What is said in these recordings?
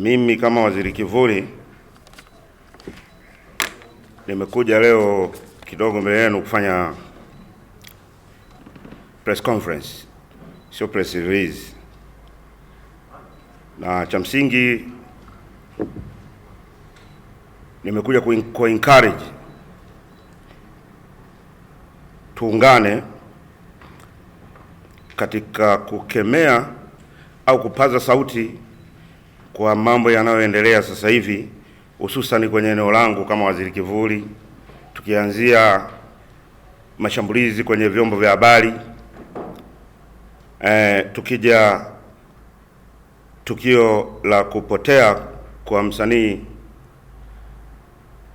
Mimi kama waziri kivuli nimekuja leo kidogo mbele yenu kufanya press conference, sio press release, na cha msingi nimekuja ku encourage tuungane katika kukemea au kupaza sauti kwa mambo yanayoendelea sasa hivi hususani kwenye eneo langu kama waziri kivuli, tukianzia mashambulizi kwenye vyombo vya habari e, tukija tukio la kupotea kwa msanii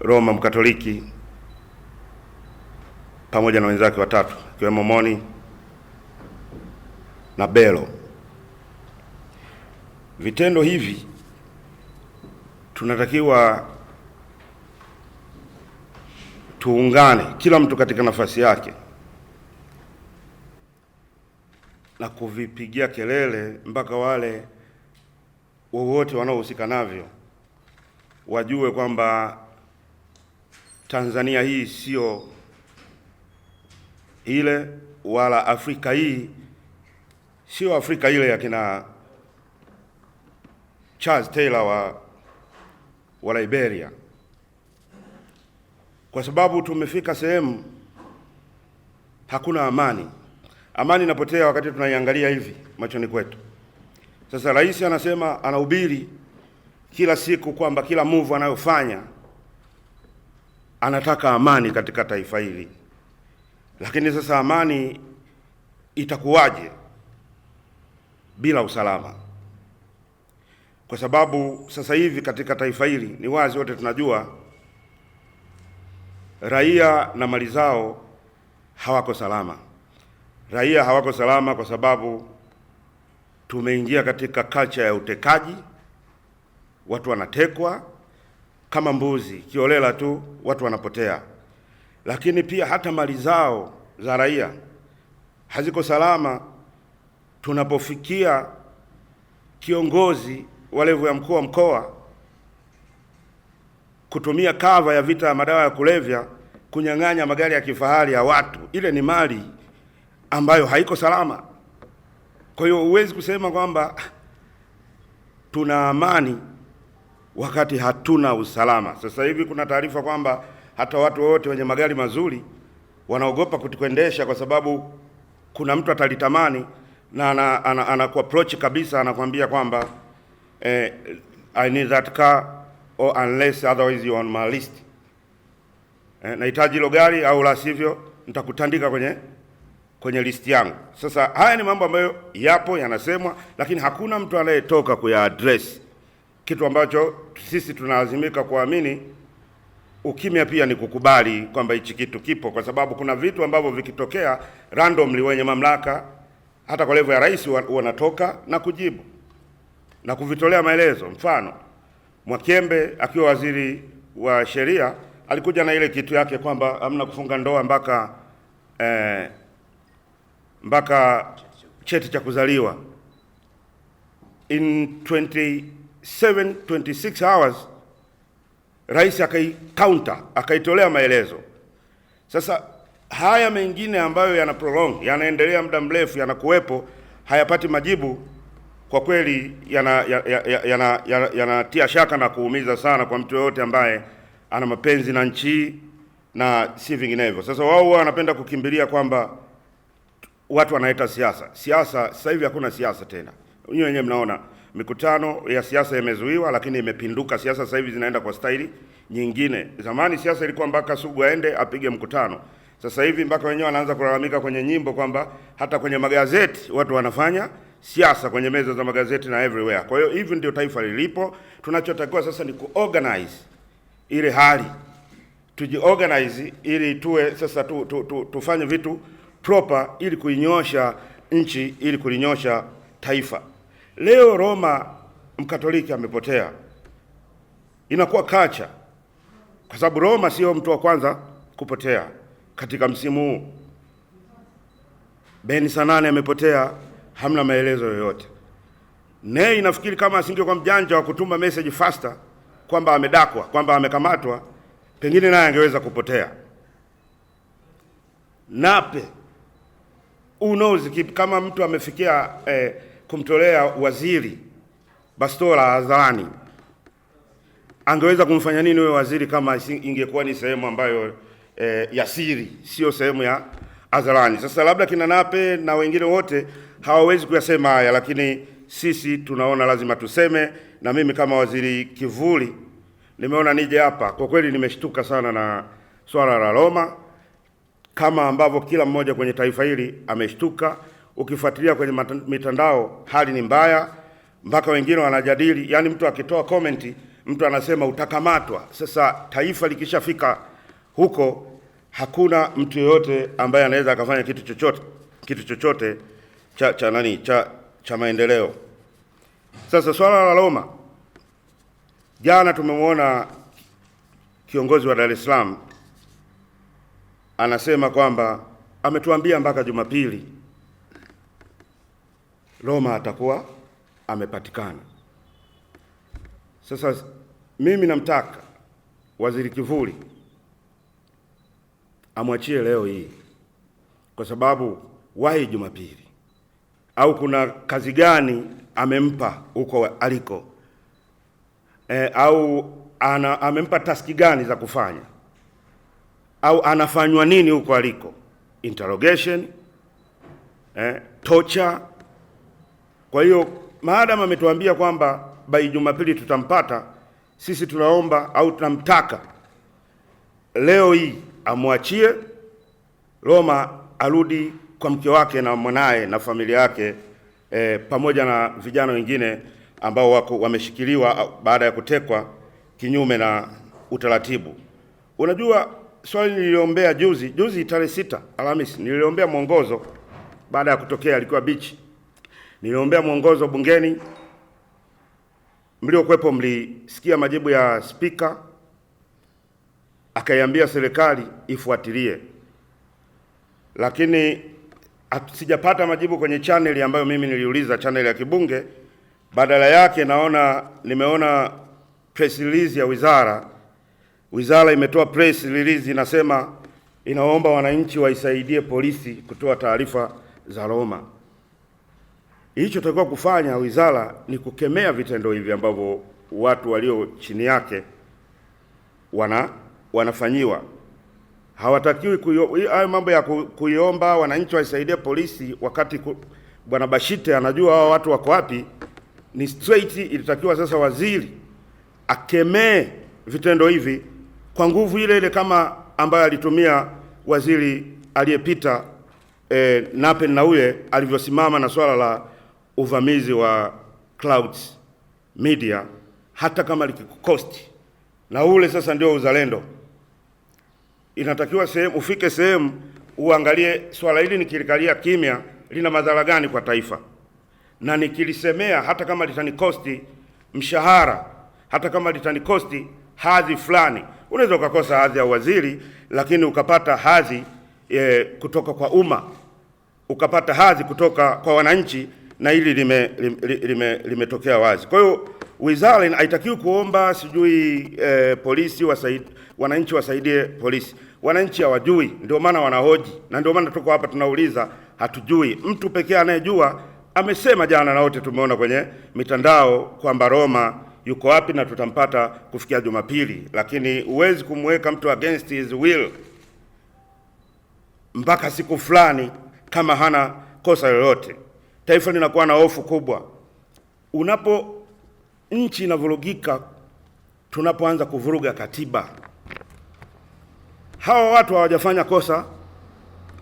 Roma Mkatoliki pamoja na wenzake watatu ikiwemo Moni na Belo. Vitendo hivi tunatakiwa tuungane, kila mtu katika nafasi yake, na kuvipigia kelele mpaka wale wowote wanaohusika navyo wajue kwamba Tanzania hii sio ile, wala Afrika hii sio Afrika ile ya kina Charles Taylor wa, wa Liberia, kwa sababu tumefika sehemu hakuna amani. Amani inapotea wakati tunaiangalia hivi machoni kwetu. Sasa rais anasema, anahubiri kila siku kwamba kila move anayofanya anataka amani katika taifa hili, lakini sasa amani itakuwaje bila usalama? kwa sababu sasa hivi katika taifa hili ni wazi, wote tunajua raia na mali zao hawako salama. Raia hawako salama kwa sababu tumeingia katika kacha ya utekaji, watu wanatekwa kama mbuzi kiolela tu, watu wanapotea. Lakini pia hata mali zao za raia haziko salama. Tunapofikia kiongozi walevu ya mkuu wa mkoa kutumia kava ya vita ya madawa ya kulevya kunyang'anya magari ya kifahari ya watu. Ile ni mali ambayo haiko salama. Kwa hiyo huwezi kusema kwamba tuna amani wakati hatuna usalama. Sasa hivi kuna taarifa kwamba hata watu wote wenye magari mazuri wanaogopa kuendesha kwa sababu kuna mtu atalitamani na anakuapproach ana, ana, ana kabisa anakuambia kwamba uh, I need that car or unless otherwise you on my list. Uh, nahitaji hilo gari au la sivyo nitakutandika kwenye kwenye list yangu. Sasa haya ni mambo ambayo yapo yanasemwa, lakini hakuna mtu anayetoka kuya address, kitu ambacho sisi tunalazimika kuamini ukimya pia ni kukubali kwamba hichi kitu kipo, kwa sababu kuna vitu ambavyo vikitokea randomly wenye mamlaka hata kwa level ya rais wanatoka na kujibu na kuvitolea maelezo. Mfano, Mwakembe akiwa waziri wa sheria alikuja na ile kitu yake kwamba hamna kufunga ndoa mpaka eh, mpaka cheti cha kuzaliwa. In 27 26 hours rais akaikaunta akaitolea maelezo. Sasa haya mengine ambayo yana prolong yanaendelea muda mrefu yanakuwepo, hayapati majibu kwa kweli yanatia yana, yana, yana, yana, yana shaka na kuumiza sana kwa mtu yoyote ambaye ana mapenzi na nchi na si vinginevyo. Sasa wao wanapenda kukimbilia kwamba watu wanaita siasa siasa. Sasa hivi hakuna siasa tena, nyinyi wenyewe mnaona mikutano ya siasa imezuiwa, lakini imepinduka. Siasa sasa hivi zinaenda kwa staili nyingine. Zamani siasa ilikuwa mpaka Sugu aende apige mkutano. Sasa hivi mpaka wenyewe wanaanza kulalamika kwenye nyimbo kwamba hata kwenye magazeti watu wanafanya siasa kwenye meza za magazeti na everywhere. Kwa hiyo hivi ndio taifa lilipo. Tunachotakiwa sasa ni kuorganize ile hali, tujiorganize ili tuwe sasa tu, tu, tu, tufanye vitu proper ili kuinyosha nchi, ili kulinyosha taifa. Leo Roma mkatoliki amepotea, inakuwa kacha, kwa sababu Roma sio mtu wa kwanza kupotea katika msimu huu. Ben Sanane amepotea hamna maelezo yoyote. Nay nafikiri kama asingekuwa mjanja wa kutuma message faster kwamba amedakwa, kwamba amekamatwa, pengine naye angeweza kupotea. Nape who kama mtu amefikia eh, kumtolea waziri bastola hadharani, angeweza kumfanya nini huyo waziri kama ingekuwa ni sehemu ambayo eh, ya siri, sio sehemu ya hadharani. Sasa labda kina Nape na wengine wote hawawezi kuyasema haya, lakini sisi tunaona lazima tuseme, na mimi kama waziri kivuli nimeona nije hapa. Kwa kweli nimeshtuka sana na swala la Roma, kama ambavyo kila mmoja kwenye taifa hili ameshtuka. Ukifuatilia kwenye mitandao, hali ni mbaya, mpaka wengine wanajadili, yaani mtu akitoa komenti mtu anasema utakamatwa. Sasa taifa likishafika huko hakuna mtu yoyote ambaye anaweza akafanya kitu chochote kitu chochote cha, cha nani cha, cha maendeleo. Sasa swala la Roma, jana tumemwona kiongozi wa Dar es Salaam anasema kwamba ametuambia mpaka Jumapili Roma atakuwa amepatikana. Sasa mimi namtaka Waziri Kivuli amwachie leo hii, kwa sababu wahi Jumapili au kuna kazi gani amempa huko aliko e, au ana, amempa taski gani za kufanya au anafanywa nini huko aliko, interrogation e, tocha. Kwa hiyo maadamu ametuambia kwamba bai Jumapili tutampata sisi, tunaomba au tunamtaka leo hii amwachie Roma arudi kwa mke wake na mwanaye na familia yake e, pamoja na vijana wengine ambao wako wameshikiliwa baada ya kutekwa kinyume na utaratibu. Unajua, swali niliombea juzi juzi, tarehe sita Alhamisi, niliombea mwongozo baada ya kutokea, alikuwa bichi, niliombea mwongozo bungeni. Mliokuwepo mlisikia majibu ya spika akaiambia serikali ifuatilie, lakini sijapata majibu kwenye chaneli ambayo mimi niliuliza, chaneli ya Kibunge. Badala yake naona nimeona press release ya wizara. Wizara imetoa press release inasema inaomba wananchi waisaidie polisi kutoa taarifa za Roma. Ilichotakiwa kufanya wizara ni kukemea vitendo hivi ambavyo watu walio chini yake wana wanafanyiwa hawatakiwi hayo mambo ya kuiomba wananchi waisaidie polisi, wakati bwana Bashite anajua hao watu wako wapi. Ni straight, ilitakiwa sasa waziri akemee vitendo hivi kwa nguvu ile ile kama ambayo alitumia waziri aliyepita e, Nape Nnauye alivyosimama na swala la uvamizi wa Clouds Media, hata kama likikukosti. Na ule sasa ndio uzalendo inatakiwa sehemu ufike sehemu uangalie swala hili nikilikalia kimya lina madhara gani kwa taifa, na nikilisemea hata kama litanikosti mshahara, hata kama litanikosti hadhi fulani. Unaweza ukakosa hadhi ya waziri, lakini ukapata hadhi e, kutoka kwa umma, ukapata hadhi kutoka kwa wananchi, na hili limetokea lime, lime, lime wazi. Kwa hiyo wizara haitakiwi kuomba sijui e, polisi wasaidi wananchi wasaidie polisi. Wananchi hawajui, ndio maana wanahoji, na ndio maana tuko hapa tunauliza, hatujui. Mtu pekee anayejua amesema jana, na wote tumeona kwenye mitandao kwamba Roma yuko wapi na tutampata kufikia Jumapili, lakini huwezi kumweka mtu against his will mpaka siku fulani kama hana kosa lolote. Taifa linakuwa na hofu kubwa unapo nchi inavurugika, tunapoanza kuvuruga katiba hawa watu hawajafanya kosa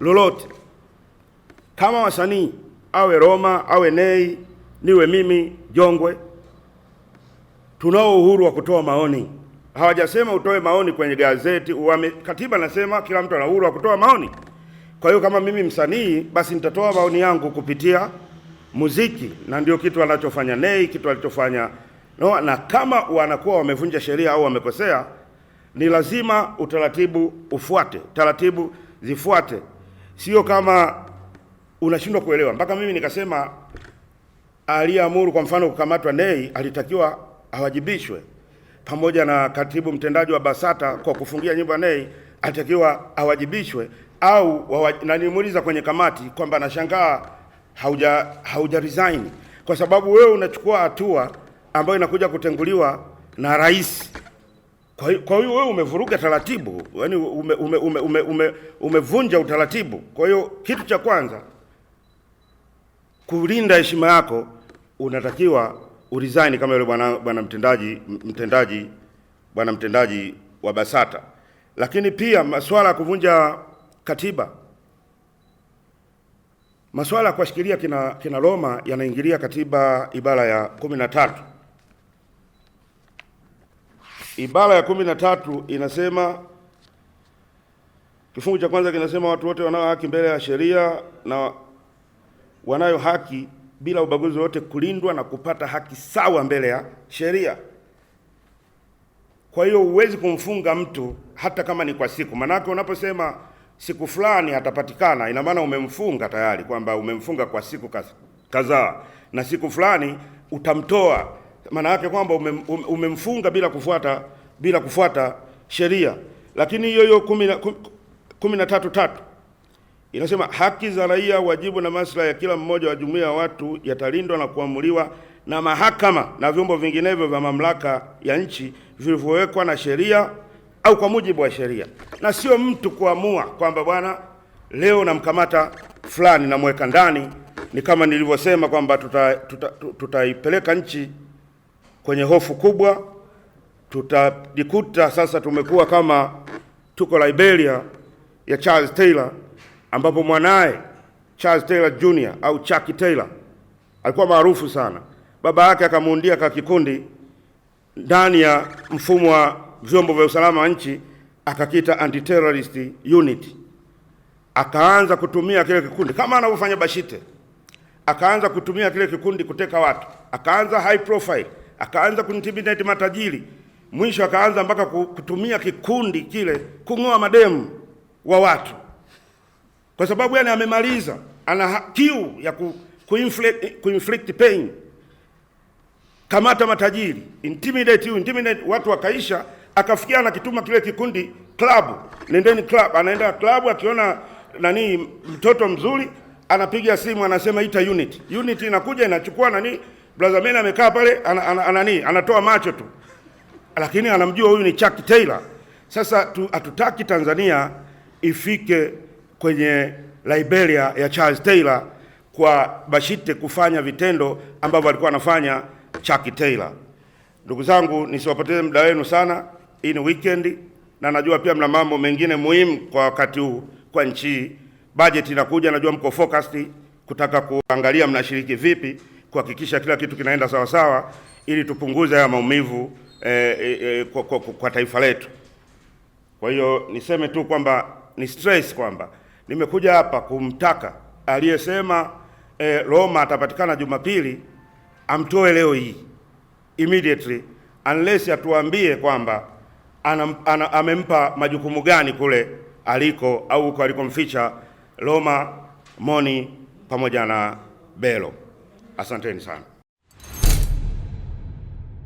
lolote. Kama wasanii awe Roma awe Nei niwe mimi Jongwe, tunao uhuru wa kutoa maoni. Hawajasema utoe maoni kwenye gazeti uwame, katiba nasema kila mtu ana uhuru wa kutoa maoni. Kwa hiyo kama mimi msanii, basi nitatoa maoni yangu kupitia muziki, na ndio kitu anachofanya Nei, kitu alichofanya no, na kama wanakuwa wamevunja sheria au wamekosea ni lazima utaratibu ufuate, taratibu zifuate, sio kama unashindwa kuelewa. Mpaka mimi nikasema aliyeamuru kwa mfano kukamatwa nei alitakiwa awajibishwe, pamoja na katibu mtendaji wa BASATA kwa kufungia nyumba nei alitakiwa awajibishwe au wawaj... na nilimuuliza kwenye kamati kwamba nashangaa hauja hauja resign kwa sababu wewe unachukua hatua ambayo inakuja kutenguliwa na rais. Kwa hiyo wewe umevuruga taratibu, yaani ume, ume, ume, ume, ume, utaratibu. Kwa hiyo kitu cha kwanza kulinda heshima yako, unatakiwa urizaini kama yule bwana bwana mtendaji mtendaji bwana mtendaji wa Basata. Lakini pia masuala ya kuvunja katiba, masuala ya kuwashikilia kina, kina Roma yanaingilia katiba ibara ya kumi na tatu Ibara ya kumi na tatu inasema kifungu cha kwanza kinasema watu wote wanao haki mbele ya sheria na wanayo haki bila ubaguzi wote kulindwa na kupata haki sawa mbele ya sheria. Kwa hiyo huwezi kumfunga mtu hata kama ni kwa siku, maanake unaposema siku fulani atapatikana ina maana umemfunga tayari, kwamba umemfunga kwa siku kadhaa, na siku fulani utamtoa maana yake kwamba umemfunga bila kufuata bila kufuata sheria. Lakini hiyo hiyo kumi na tatu tatu inasema haki za raia, wajibu na maslahi ya kila mmoja wa jumuiya ya watu yatalindwa na kuamuliwa na mahakama na vyombo vinginevyo vya mamlaka ya nchi vilivyowekwa na sheria au kwa mujibu wa sheria, na sio mtu kuamua kwamba bwana, leo namkamata fulani namweka ndani. Ni kama nilivyosema kwamba tutaipeleka tuta, tuta, tuta nchi kwenye hofu kubwa, tutajikuta sasa tumekuwa kama tuko Liberia ya Charles Taylor, ambapo mwanaye Charles Taylor Jr au Chuck Taylor alikuwa maarufu sana. Baba yake akamuundia ka kikundi ndani ya mfumo wa vyombo vya usalama wa nchi, akakita anti-terrorist unit, akaanza kutumia kile kikundi kama anavyofanya Bashite, akaanza kutumia kile kikundi kuteka watu, akaanza high profile akaanza kuntimidate matajiri, mwisho akaanza mpaka kutumia kikundi kile kung'oa mademu wa watu, kwa sababu yani amemaliza, ana kiu ya ku, kuinflict, kuinflict pain. Kamata matajiri, intimidate you, intimidate watu, wakaisha akafikia anakituma kile kikundi club, nendeni club. Anaenda club, akiona nani mtoto mzuri, anapiga simu, anasema ita unit. Unit inakuja inachukua nani Brother Mena amekaa pale ana, ana, anani anatoa macho tu, lakini anamjua huyu ni Chuck Taylor. Sasa hatutaki Tanzania ifike kwenye Liberia ya Charles Taylor kwa Bashite kufanya vitendo ambavyo alikuwa anafanya Chuck Taylor. Ndugu zangu, nisiwapoteze muda wenu sana, hii ni weekend na najua pia mna mambo mengine muhimu kwa wakati huu kwa nchi. Bajeti inakuja, najua mko focused kutaka kuangalia mnashiriki vipi kuhakikisha kila kitu kinaenda sawasawa ili tupunguze haya maumivu e, e, kwa, kwa, kwa taifa letu. Kwa hiyo niseme tu kwamba ni stress kwamba nimekuja hapa kumtaka aliyesema e, Roma atapatikana Jumapili amtoe leo hii immediately unless atuambie kwamba anam, anam, amempa majukumu gani kule aliko au huko alikomficha Roma, Moni pamoja na Belo. Asanteni sana.